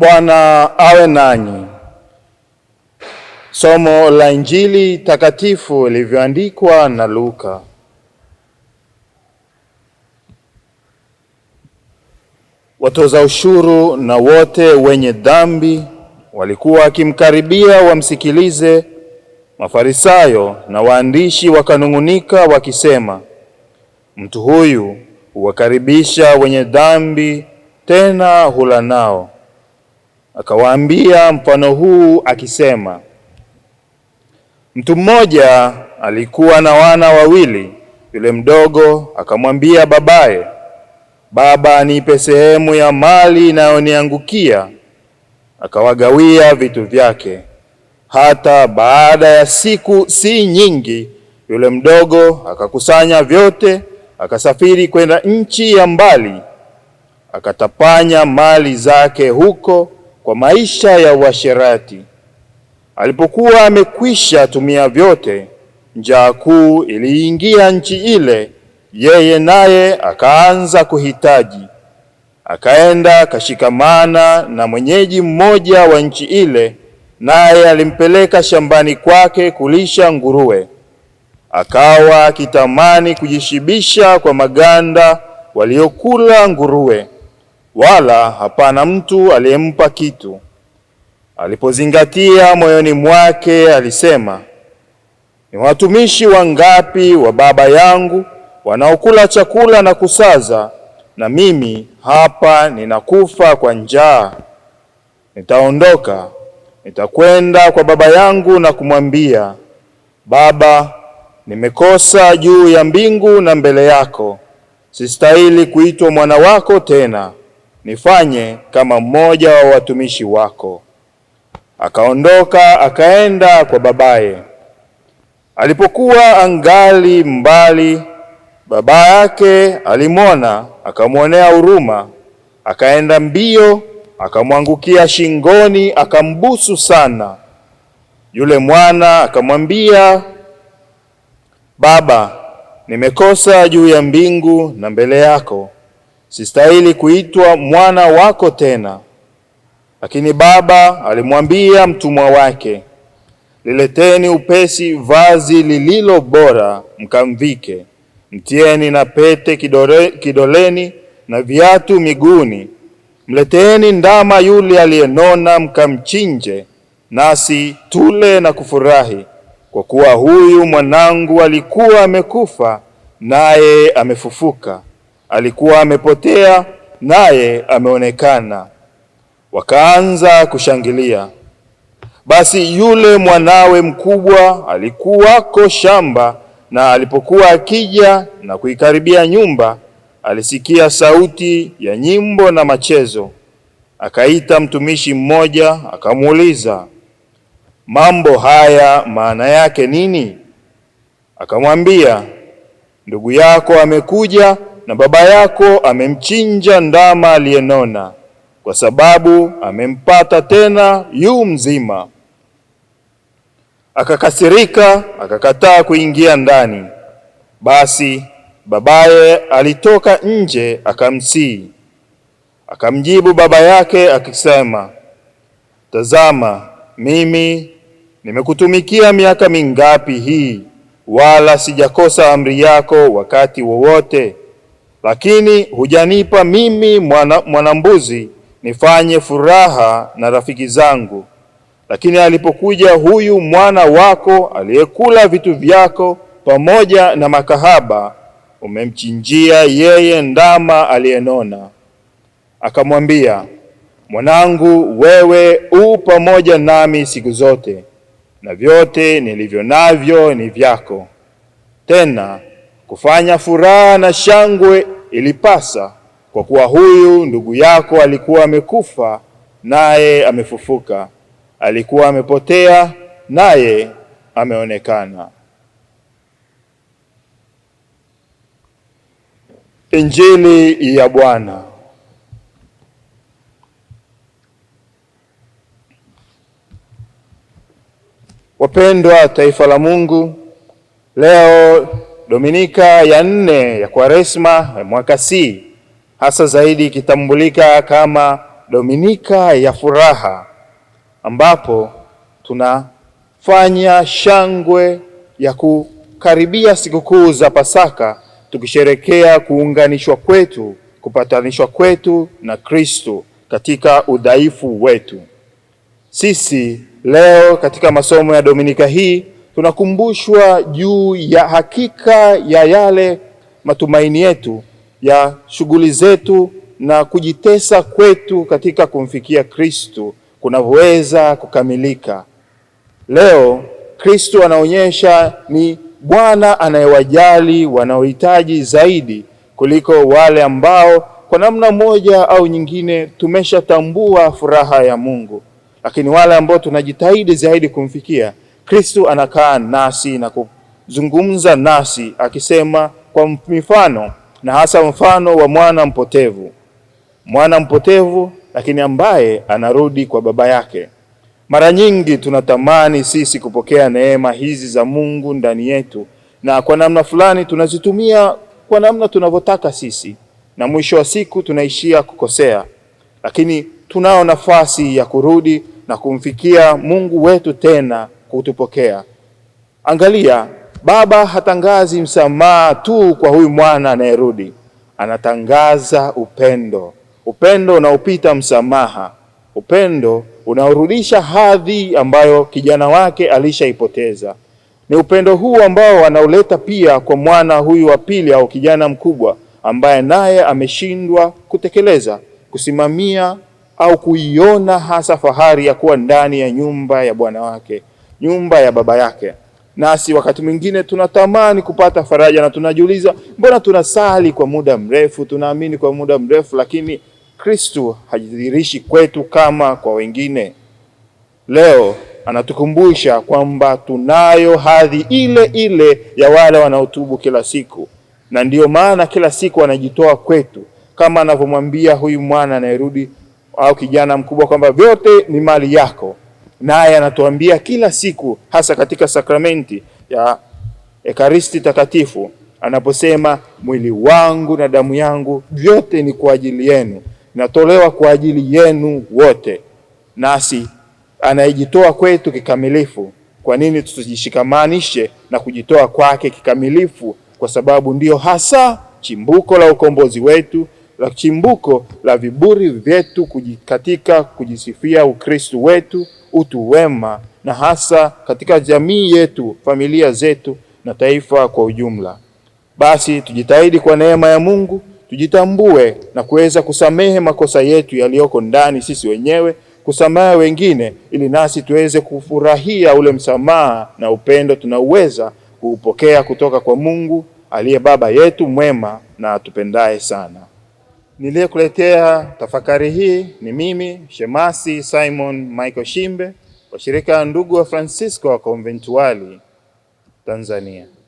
Bwana awe nanyi. Somo la Injili takatifu lilivyoandikwa na Luka. Watoza ushuru na wote wenye dhambi walikuwa wakimkaribia wamsikilize. Mafarisayo na waandishi wakanung'unika wakisema, mtu huyu huwakaribisha wenye dhambi, tena hula nao akawaambia mfano huu akisema, mtu mmoja alikuwa na wana wawili. Yule mdogo akamwambia babaye, Baba, anipe sehemu ya mali inayoniangukia. Akawagawia vitu vyake. Hata baada ya siku si nyingi, yule mdogo akakusanya vyote, akasafiri kwenda nchi ya mbali, akatapanya mali zake huko kwa maisha ya uasherati. Alipokuwa amekwisha tumia vyote, njaa kuu iliingia nchi ile, yeye naye akaanza kuhitaji. Akaenda akashikamana na mwenyeji mmoja wa nchi ile, naye alimpeleka shambani kwake kulisha nguruwe. Akawa akitamani kujishibisha kwa maganda waliokula nguruwe, wala hapana mtu aliyempa kitu. Alipozingatia moyoni mwake, alisema, ni watumishi wangapi wa baba yangu wanaokula chakula na kusaza, na mimi hapa ninakufa kwa njaa. Nitaondoka, nitakwenda kwa baba yangu na kumwambia, Baba, nimekosa juu ya mbingu na mbele yako, sistahili kuitwa mwana wako tena nifanye kama mmoja wa watumishi wako. Akaondoka akaenda kwa babaye. Alipokuwa angali mbali, baba yake alimwona, akamwonea huruma, akaenda mbio, akamwangukia shingoni, akambusu sana. Yule mwana akamwambia, Baba, nimekosa juu ya mbingu na mbele yako sistahili kuitwa mwana wako tena. Lakini baba alimwambia mtumwa wake, lileteni upesi vazi lililo bora, mkamvike, mtieni na pete kidore, kidoleni na viatu miguuni. mleteni ndama yule aliyenona, mkamchinje, nasi tule na kufurahi, kwa kuwa huyu mwanangu alikuwa amekufa, naye amefufuka alikuwa amepotea naye ameonekana, wakaanza kushangilia. Basi yule mwanawe mkubwa alikuwako shamba, na alipokuwa akija na kuikaribia nyumba, alisikia sauti ya nyimbo na machezo. Akaita mtumishi mmoja, akamuuliza mambo haya maana yake nini? Akamwambia, ndugu yako amekuja na baba yako amemchinja ndama aliyenona, kwa sababu amempata tena yu mzima. Akakasirika, akakataa kuingia ndani. Basi babaye alitoka nje akamsii Akamjibu baba yake akisema, tazama, mimi nimekutumikia miaka mingapi hii, wala sijakosa amri yako wakati wowote lakini hujanipa mimi mwana, mwanambuzi nifanye furaha na rafiki zangu. Lakini alipokuja huyu mwana wako aliyekula vitu vyako pamoja na makahaba, umemchinjia yeye ndama aliyenona. Akamwambia, mwanangu, wewe u pamoja nami siku zote, na vyote nilivyo navyo ni vyako. Tena Kufanya furaha na shangwe ilipasa, kwa kuwa huyu ndugu yako alikuwa amekufa naye amefufuka, alikuwa amepotea naye ameonekana. Injili ya Bwana. Wapendwa taifa la Mungu, leo Dominika ya nne ya Kwaresma mwaka C, hasa zaidi ikitambulika kama Dominika ya furaha, ambapo tunafanya shangwe ya kukaribia sikukuu za Pasaka tukisherekea kuunganishwa kwetu, kupatanishwa kwetu na Kristo katika udhaifu wetu. Sisi leo katika masomo ya Dominika hii tunakumbushwa juu ya hakika ya yale matumaini yetu ya shughuli zetu na kujitesa kwetu katika kumfikia Kristu kunavyoweza kukamilika. Leo Kristu anaonyesha ni Bwana anayewajali wanaohitaji zaidi kuliko wale ambao kwa namna moja au nyingine tumeshatambua furaha ya Mungu, lakini wale ambao tunajitahidi zaidi kumfikia Kristu anakaa nasi na kuzungumza nasi akisema kwa mifano, na hasa mfano wa mwana mpotevu, mwana mpotevu lakini ambaye anarudi kwa baba yake. Mara nyingi tunatamani sisi kupokea neema hizi za Mungu ndani yetu, na kwa namna fulani tunazitumia kwa namna tunavyotaka sisi, na mwisho wa siku tunaishia kukosea. Lakini tunao nafasi ya kurudi na kumfikia Mungu wetu tena kutupokea. Angalia, Baba hatangazi msamaha tu kwa huyu mwana anayerudi, anatangaza upendo, upendo unaopita msamaha, upendo unaorudisha hadhi ambayo kijana wake alishaipoteza. Ni upendo huu ambao anauleta pia kwa mwana huyu wa pili au kijana mkubwa ambaye naye ameshindwa kutekeleza, kusimamia au kuiona hasa fahari ya kuwa ndani ya nyumba ya Bwana wake nyumba ya baba yake. Nasi wakati mwingine tunatamani kupata faraja na tunajiuliza, mbona tunasali kwa muda mrefu, tunaamini kwa muda mrefu, lakini Kristu hajidhihirishi kwetu kama kwa wengine. Leo anatukumbusha kwamba tunayo hadhi ile ile ya wale wanaotubu kila siku, na ndiyo maana kila siku anajitoa kwetu, kama anavyomwambia huyu mwana anayerudi au kijana mkubwa kwamba vyote ni mali yako naye anatuambia kila siku, hasa katika sakramenti ya Ekaristi Takatifu anaposema mwili wangu na damu yangu vyote ni kwa ajili yenu, natolewa kwa ajili yenu wote. Nasi anayejitoa kwetu kikamilifu, kwa nini tusijishikamanishe na kujitoa kwake kikamilifu? Kwa sababu ndiyo hasa chimbuko la ukombozi wetu, la chimbuko la viburi vyetu katika kujisifia Ukristo wetu utu wema, na hasa katika jamii yetu, familia zetu na taifa kwa ujumla. Basi tujitahidi kwa neema ya Mungu tujitambue na kuweza kusamehe makosa yetu yaliyoko ndani sisi wenyewe, kusamehe wengine, ili nasi tuweze kufurahia ule msamaha na upendo tunauweza kuupokea kutoka kwa Mungu aliye Baba yetu mwema na atupendaye sana. Niliyekuletea tafakari hii ni mimi Shemasi Simon Michael Shimbe wa shirika ndugu wa Francisco wa conventuali Tanzania.